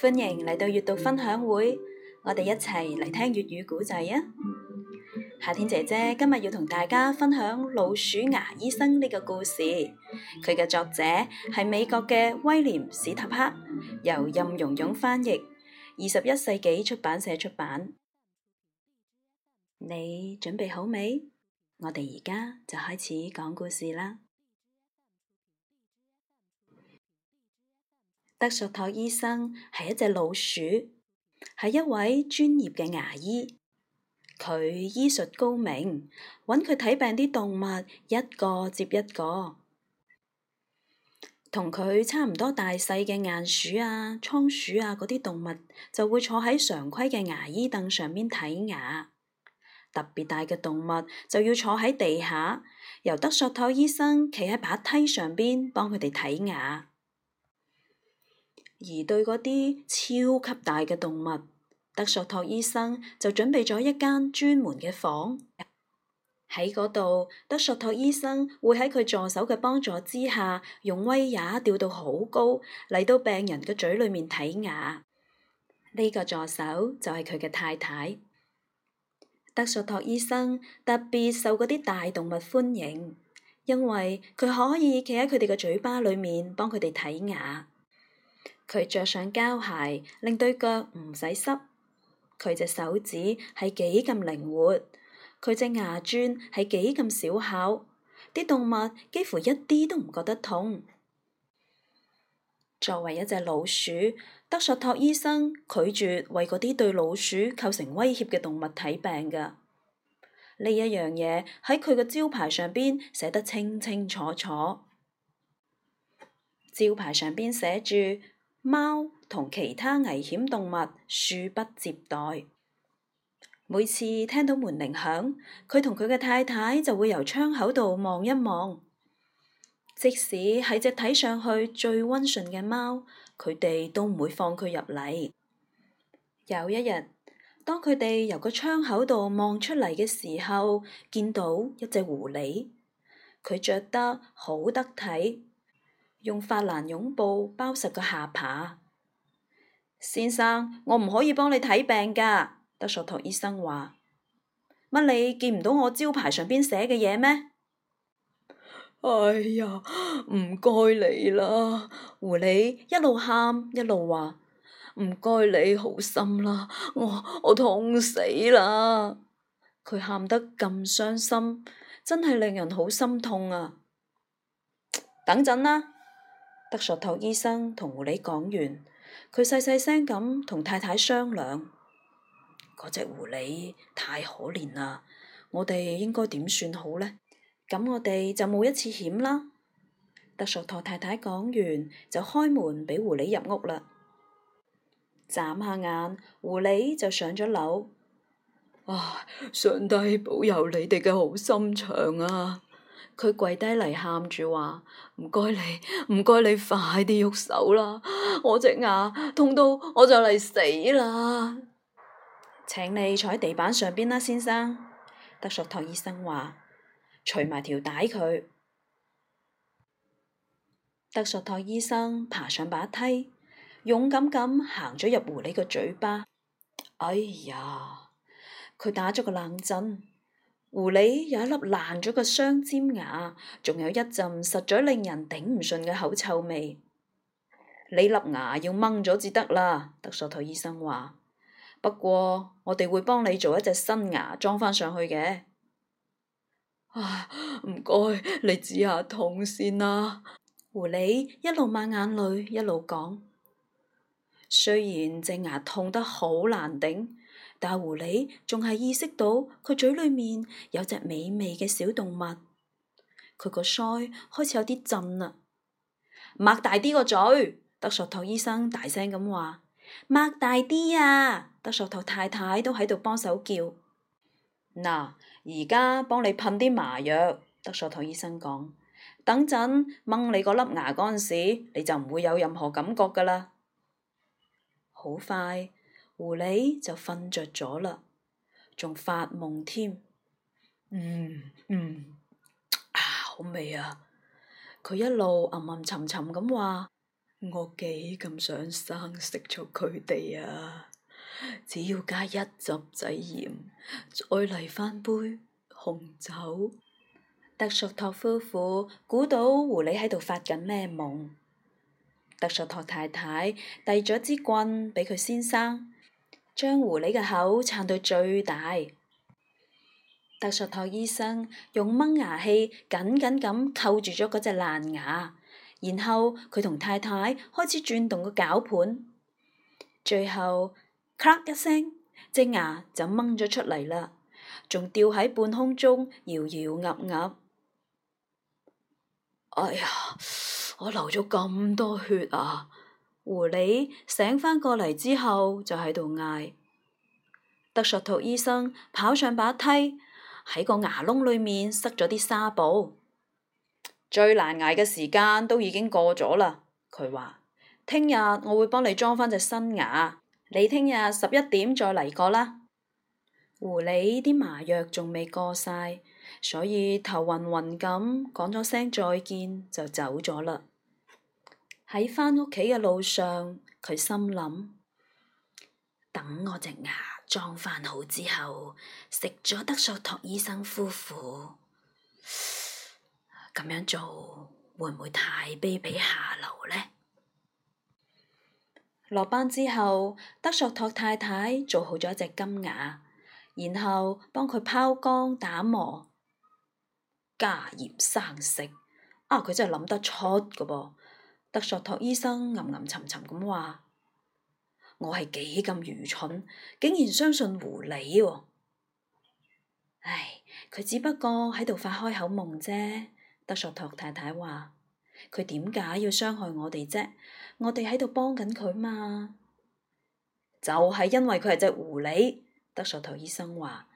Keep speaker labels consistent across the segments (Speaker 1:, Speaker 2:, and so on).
Speaker 1: 歡迎嚟到閱讀分享會，我哋一齊嚟聽粵語古仔啊！夏天姐姐今日要同大家分享《老鼠牙醫生》呢個故事，佢嘅作者係美國嘅威廉史塔克，由任蓉蓉翻譯，二十一世紀出版社出版。你準備好未？我哋而家就開始講故事啦！德索托醫生係一隻老鼠，係一位專業嘅牙醫。佢醫術高明，揾佢睇病啲動物一個接一個。同佢差唔多大細嘅鼴鼠啊、倉鼠啊嗰啲動物，就會坐喺常規嘅牙醫凳上面睇牙。特別大嘅動物就要坐喺地下，由德索托醫生企喺把梯上邊幫佢哋睇牙。而對嗰啲超級大嘅動物，德索托醫生就準備咗一間專門嘅房。喺嗰度，德索托醫生會喺佢助手嘅幫助之下，用威也吊到好高嚟到病人嘅嘴裏面睇牙。呢個助手就係佢嘅太太。德索托醫生特別受嗰啲大動物歡迎，因為佢可以企喺佢哋嘅嘴巴裏面幫佢哋睇牙。佢着上膠鞋，令對腳唔使濕。佢隻手指係幾咁靈活，佢隻牙鑽係幾咁小巧，啲動物幾乎一啲都唔覺得痛。作為一隻老鼠，德索托醫生拒絕為嗰啲對老鼠構成威脅嘅動物睇病噶。呢一樣嘢喺佢嘅招牌上邊寫得清清楚楚。招牌上邊寫住。貓同其他危險動物恕不接待。每次聽到門鈴響，佢同佢嘅太太就會由窗口度望一望。即使係隻睇上去最温順嘅貓，佢哋都唔會放佢入嚟。有一日，當佢哋由個窗口度望出嚟嘅時候，見到一隻狐狸，佢着得好得體。用法蘭絨布包實個下巴，先生，我唔可以幫你睇病噶。德索托醫生話：乜你見唔到我招牌上邊寫嘅嘢咩？哎呀，唔該你啦，狐狸一路喊一路話，唔該你好心啦，我我痛死啦！佢喊得咁傷心，真係令人好心痛啊！等陣啦。德索托醫生同狐狸講完，佢細細聲咁同太太商量：「嗰隻狐狸太可憐啦，我哋應該點算好咧？咁我哋就冒一次險啦。德索托太太講完，就開門畀狐狸入屋啦。眨下眼，狐狸就上咗樓。啊！上帝保佑你哋嘅好心腸啊！佢跪低嚟，喊住話：唔該你，唔該你，快啲喐手啦！我隻牙痛到我就嚟死啦！請你坐喺地板上邊啦，先生。德索托醫生話：除埋條帶佢。德索托醫生爬上把梯，勇敢咁行咗入狐狸個嘴巴。哎呀！佢打咗個冷震。狐狸有一粒爛咗嘅雙尖牙，仲有一陣實在令人頂唔順嘅口臭味。你粒牙要掹咗至得啦，德索托醫生話。不過我哋會幫你做一隻新牙裝返上去嘅。唔該，你止下痛先啦，啊。狐狸一路抹眼淚，一路講。雖然隻牙痛得好難頂。大狐狸仲係意識到佢嘴裏面有隻美味嘅小動物，佢個腮開始有啲震啦，擘大啲個嘴。德索托醫生大聲咁話：擘大啲啊！德索托太太都喺度幫手叫。嗱，而家幫你噴啲麻藥，德索托醫生講，等陣掹你個粒牙嗰陣時，你就唔會有任何感覺噶啦。好快。狐狸就瞓着咗啦，仲發夢添。嗯，嗯嗯，啊，好味啊！佢一路吟吟沉沉咁話：我幾咁想生食咗佢哋啊！只要加一汁仔鹽，再嚟翻杯紅酒。特索托夫婦估到狐狸喺度發緊咩夢？特索托太太遞咗支棍畀佢先生。將狐狸嘅口撐到最大，特索托醫生用掹牙器緊緊咁扣住咗嗰隻爛牙，然後佢同太太開始轉動個絞盤，最後咔一聲，隻牙就掹咗出嚟啦，仲吊喺半空中搖搖岌岌。瑤瑤瑤瑤瑤哎呀，我流咗咁多血啊！狐狸醒返過嚟之後就喺度嗌，德索圖醫生跑上把梯，喺個牙窿裏面塞咗啲紗布。最難挨嘅時間都已經過咗啦，佢話聽日我會幫你裝翻隻新牙，你聽日十一點再嚟過啦。狐狸啲麻藥仲未過晒，所以頭暈暈咁講咗聲再見就走咗啦。喺返屋企嘅路上，佢心諗：等我隻牙裝翻好之後，食咗德索托醫生夫婦。咁樣做，會唔會太卑鄙下流呢？落班之後，德索托太太做好咗一隻金牙，然後幫佢拋光、打磨、加鹽生食。啊！佢真係諗得出嘅噃～德索托醫生吟吟沉沉咁話：我係幾咁愚蠢，竟然相信狐狸喎？唉，佢只不過喺度發開口夢啫。德索托太太話：佢點解要傷害我哋啫？我哋喺度幫緊佢嘛？就係因為佢係隻狐狸。德索托醫生話：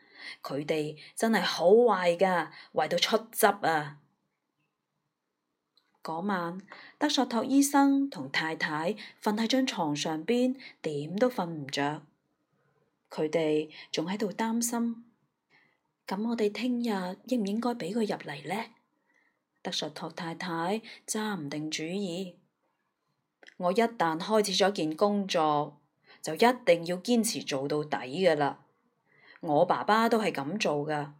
Speaker 1: 佢哋真係好壞噶，壞到出汁啊！嗰晚，德索托醫生同太太瞓喺張床上邊，點都瞓唔着。佢哋仲喺度擔心，咁我哋聽日應唔應該畀佢入嚟呢？德索托太太揸唔定主意。我一旦開始咗件工作，就一定要堅持做到底㗎喇。我爸爸都係咁做㗎。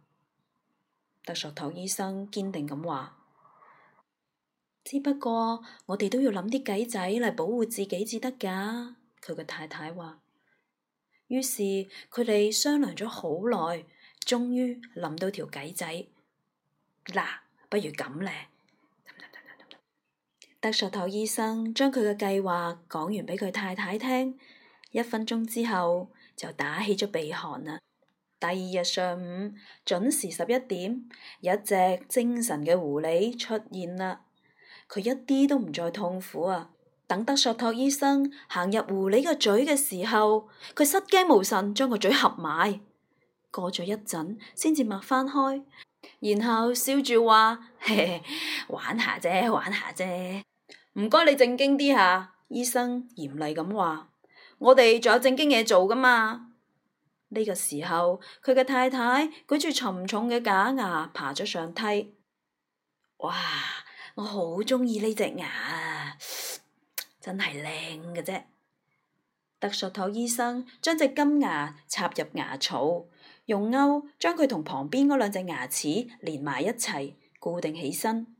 Speaker 1: 德索托醫生堅定咁話。之不過我哋都要諗啲計仔嚟保護自己，至得噶。佢個太太話，於是佢哋商量咗好耐，終於諗到條計仔嗱，不如咁咧。德索頭醫生將佢嘅計劃講完畀佢太太聽，一分鐘之後就打起咗鼻鼾啦。第二日上午準時十一點，有一隻精神嘅狐狸出現啦。佢一啲都唔再痛苦啊！等德索托醫生行入狐狸個嘴嘅時候，佢失驚無神，將個嘴合埋。過咗一陣，先至擘翻開，然後笑住話：嘿，玩下啫，玩下啫。唔該你正經啲吓！醫生嚴厲咁話：我哋仲有正經嘢做噶嘛？呢個時候，佢嘅太太舉住沉重嘅假牙爬咗上梯。哇！我好中意呢隻牙啊，真係靚嘅啫！特索托醫生將隻金牙插入牙槽，用鈎將佢同旁邊嗰兩隻牙齒連埋一齊，固定起身。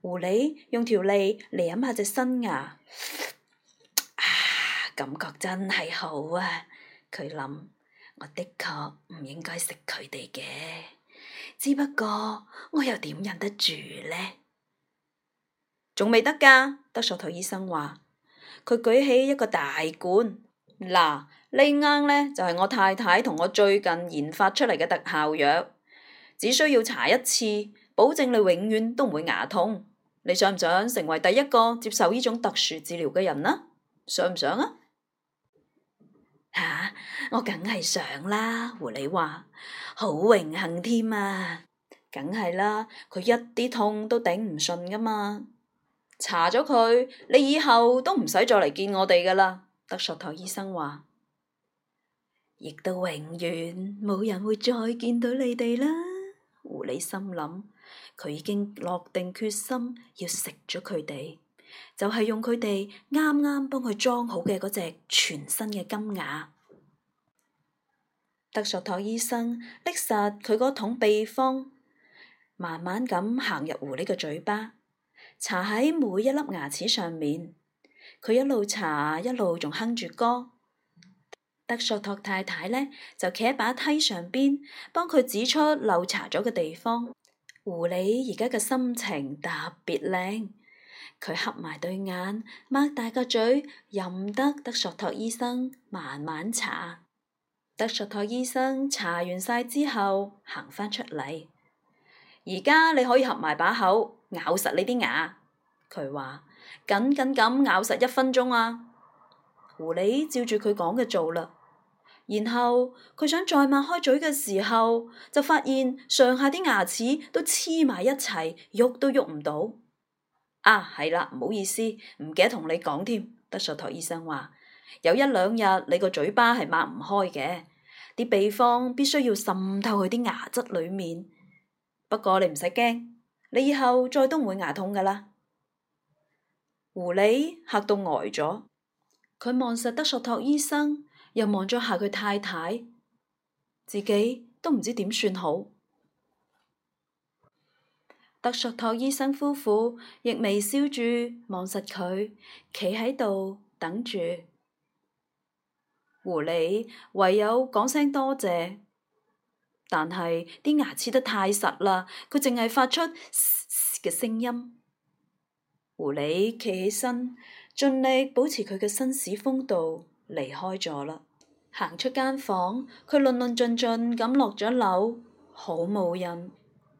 Speaker 1: 狐狸用條脷嚟飲下隻新牙，啊，感覺真係好啊！佢諗，我的確唔應該食佢哋嘅，只不過我又點忍得住呢？仲未得噶，德索圖醫生話：，佢舉起一個大罐，嗱，呢啱咧就係、是、我太太同我最近研發出嚟嘅特效藥，只需要查一次，保證你永遠都唔會牙痛。你想唔想成為第一個接受呢種特殊治療嘅人呢？想唔想啊？吓、啊，我梗係想啦！狐狸話：，好榮幸添啊，梗係啦，佢一啲痛都頂唔順噶嘛。查咗佢，你以後都唔使再嚟見我哋噶啦。德索托醫生話，亦都永遠冇人會再見到你哋啦。狐狸心諗，佢已經落定決心要食咗佢哋，就係、是、用佢哋啱啱幫佢裝好嘅嗰隻全新嘅金牙。德索托醫生拎實佢嗰桶秘方，慢慢咁行入狐狸嘅嘴巴。搽喺每一粒牙齒上面，佢一路搽一路仲哼住歌。德索托太太咧就企喺把梯上邊，幫佢指出漏搽咗嘅地方。狐狸而家嘅心情特別靚，佢合埋對眼，擘大個嘴，任得德索托醫生慢慢搽。德索托醫生搽完晒之後，行翻出嚟。而家你可以合埋把口。咬實你啲牙，佢話，緊緊咁咬實一分鐘啊！狐狸照住佢講嘅做啦，然後佢想再擘開嘴嘅時候，就發現上下啲牙齒都黐埋一齊，喐都喐唔到。啊，係啦，唔好意思，唔記得同你講添。德索托醫生話，有一兩日你個嘴巴係擘唔開嘅，啲秘方必須要滲透去啲牙質裏面。不過你唔使驚。你以後再都唔會牙痛㗎喇！狐狸嚇到呆咗，佢望實德索托醫生，又望咗下佢太太，自己都唔知點算好。德索托醫生夫婦亦微笑住望實佢，企喺度等住。狐狸唯有講聲多謝。但係啲牙黐得太實啦，佢淨係發出嘶嘶嘅聲音。狐狸企起身，盡力保持佢嘅紳士風度，離開咗啦。行出間房，佢論論盡盡咁落咗樓，好冇癮。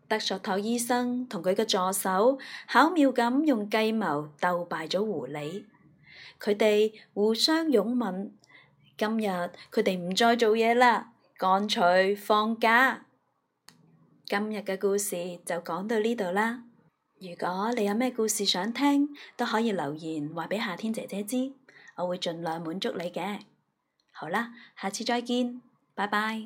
Speaker 1: 德索托醫生同佢嘅助手巧妙咁用計謀鬥敗咗狐狸，佢哋互相擁吻。今日佢哋唔再做嘢啦。乾脆放假，今日嘅故事就講到呢度啦。如果你有咩故事想聽，都可以留言話畀夏天姐姐知，我會盡量滿足你嘅。好啦，下次再見，拜拜。